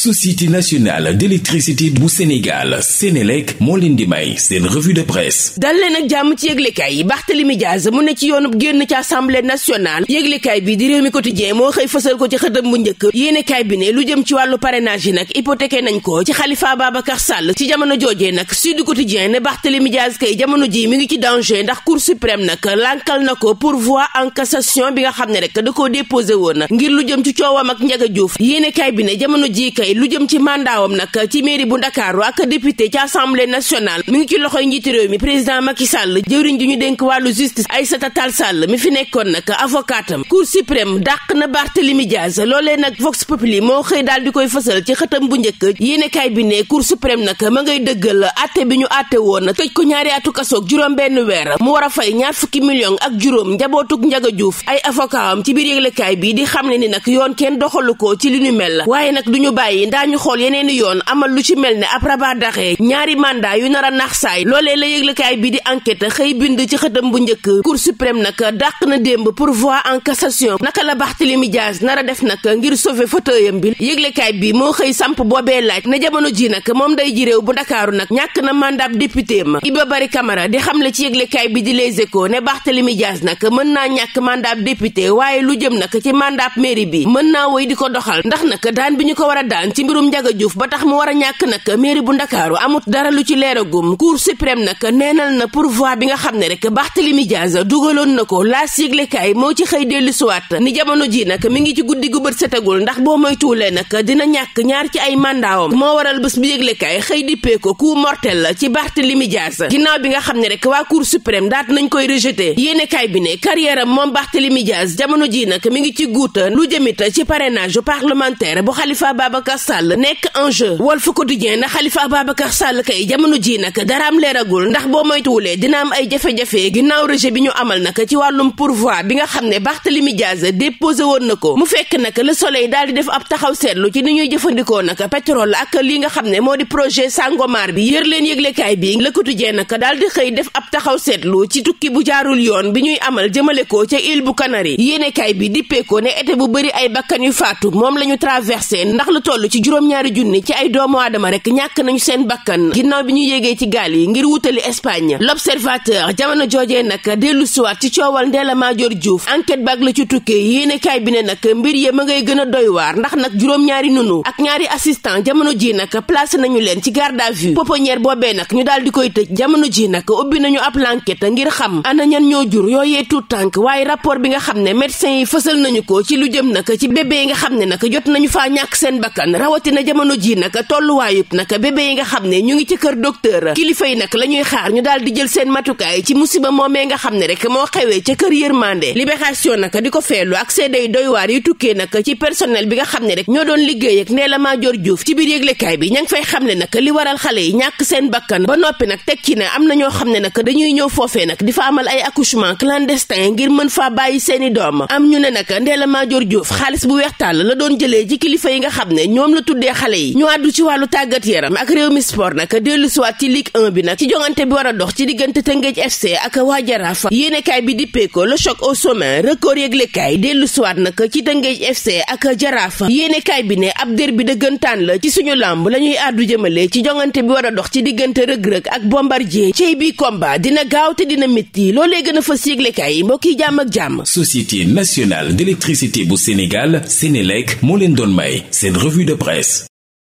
société nationale d'électricité bu Sénégal Sénélec moo leen di may seen revue de presse dal leen ak jàmm ci yëglekaay yi Barthélémy Diaz mu ne ci yoonub génn ci assemblée nationale yëglekaay bi di réew mi quotidien moo xëy fësal ko ci xëtam bu njëkk yéenekaay bi ne lu jëm ci wàllu parrainage yi nag hypothéqué nañ ko ci Khalifa Babacar Sall ci jamono joojee nag Sud Quotidien ne Barthélémy Diaz kay jamono ji mi ngi ci danger ndax Cour suprême nag lankal na nga xam ne da koo déposé woon ngir lu jëm ci coowam ak Ndiaye lu jëm ci mandaawam nag ci mairie bu Ndakaaru ak député ca assemblée nationale mu ngi ci loxoy njiitu réew mi président Macky sàll jëwriñ ji ñu dénk wàllu justice Aïssata Tall Sall mi fi nekkoon nag avocatam cour suprême dàq na Barthélémy Diaz loolee nag Vox Populi moo xëy daal di koy fësal ci xëtam bu njëkk yéenekaay bi ne cour suprême nag ma ngay dëggal atte bi ñu atte woon tëj ko ñaari atu kaso juróom benn weer mu war a fay ñaar fukki million ak juróom njabootug Njaga Juuf ay avocatam ci biir yëglekaay bi di xam ne ni nag yoon kenn doxalu ko ci li ñu mel waaye nag duñu bàyyi yi daañu xool yeneeni yoon amal lu ci mel ne ab rabat d'arrêt ñaari mandat yu nar a nax saay loolee la yëglekaay bi di enquête xëy bind ci xëtam bu njëkk cour suprême nag dàq na démb pourvoi en cassation naka la Barthélémy Dias nar a def nag ngir sauver fauteuilam bi yëglekaay bi moo xëy samp boobee laaj na jamono ji nag moom day ji réew bu ndakaaru nag ñàkk na mandat député ma Iba Bari Camara di xamle ci yëglekaay bi di Les Échos ne Barthélémy Dias nag mën naa ñàkk mandat député waaye lu jëm nag ci mandat mairie bi mën naa woy di ko doxal ndax nag daan bi ñu ko war a daan ci mbirum njaga Diouf ba tax mu war a ñàkk nag mairie bu Ndakaaru amut dara lu ci leeragum Cour suprême nag neenal na pourvoi bi nga xam ne rek Barthélémy Diaz dugaloon na ko laas yëglekaay moo ci xëy dellu siwaat ni jamono ji nag mi ngi ci guddi gu bët setagul ndax boo moytuwulee nag dina ñàkk ñaar ci ay mandaawam moo waral bés bi yëglekaay xëy dippee ko coup mortel la ci Barthélémy Diaz ginnaaw bi nga xam ne rek waa Cour suprême daat nañ koy rejeté yéenekaay bi ne carrière am moom Barthélémy jamono ji nag mi ngi ci guuta lu jëmit ci parrainage parlementaire bu Khalifa Babacar Sall nekk enjeu Walf Quotidien na Khalifa Ababacar Sall kay jamono ji nag daraam leeragul ndax boo moytuwulee dina am ay jafe-jafe ginnaaw rejet bi ñu amal nag ci wàllum pourvoi bi nga xam ne Barthélémy Diaz déposé woon na ko mu fekk nag la Soleil daal di def ab taxaw seetlu ci ni ñuy jëfandikoo nag pétrole ak li nga xam ne moo di projet Sangomar bi yër leen yëglekaay bi Le Quotidien nag daal di xëy def ab taxaw seetlu ci tukki bu jaarul yoon bi ñuy amal jëmale ko ca île bu Canaries yéenekaay bi dippeekoo ne été bu bëri ay bakkan yu ci juróom-ñaari junni ci ay doomu aadama rek ñàkk nañu seen bakkan ginnaaw bi ñu yéegee ci gaal yi ngir wutali Espagne l'observateur jamono joojee nag dellu siwaat ci coowal Ndella Madior Diouf enquête baag la ci tukkee yéene kaay bi ne nag mbir yee ma ngay gën a doy ndax nag juróom-ñaari nunu ak ñaari assistant jamono ji nag placé nañu leen ci garde à vue pouponnière boobee nag ñu daal di koy tëj jamono ji nag ubbi nañu ab l'enquête ngir xam ana ñan ñoo jur yooyee tuut tànk waaye rapport bi nga xam ne médecin yi fësal nañu ko ci lu jëm nag ci bébé yi nga xam ne nag jot nañu faa ñàkk seen bakkan rawatina jamono ji nag tolluwaayub nag bébé yi nga xam ne ñu ngi ci kër docteur kilifa yi nag la ñuy xaar ñu daal di jël seen matukaay ci musiba moomee nga xam ne rek moo xewee ca kër yërmande libération nag di ko feelu ak seeday doy waar yu tukkee nag ci personnel bi nga xam ne rek ñoo doon liggéey ak Ndella Madior Diouf ci biir yëglekaay bi ña ngi fay xam ne nag li waral xale yi ñàkk seen bakkan ba noppi nag teg ci ne am na ñoo xam ne nag dañuy foofee nag di fa amal ay accouchement clandestin ngir mën faa bàyyi seeni doom am ñu ne nag Ndella Madior Diouf xaalis bu weex tàll la doon jëlee ci kilifa yi nga xam moom la tuddee xale yi ñu àddu ci wàllu tàggat yaram ak réew mi sport nag dellu siwaat ci ligue 1 bi nag ci jongante bi war a dox ci diggante Tëngéej FC ak waa Jaraaf yéenekaay bi dippee ko le choc au sommet record yëglekaay dellu siwaat nag ci Tëngéej FC ak Jaraaf yéenekaay bi ne ab der bi dëggantaan la ci suñu làmb la ñuy àddu jëmale ci jongante bi war a dox ci diggante rëg-rëg ak bombardier ci bi combat dina gaaw te dina métti loolee gën a fas yëglekaay yi mbokk yi jàmm ak jàmm Société nationale d'électricité bu Sénégal Sénélec moo leen doon may seen de presse